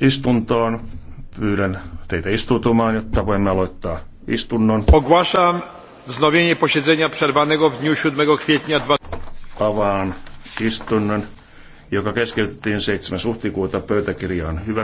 istuntoon. Pyydän teitä istutumaan, jotta voimme aloittaa istunnon. Ogłaszam wznowienie posiedzenia przerwanego w dniu 7 kwietnia. 2020. Avaan istunnon, joka keskeytettiin 7. huhtikuuta pöytäkirjaan hyväksi.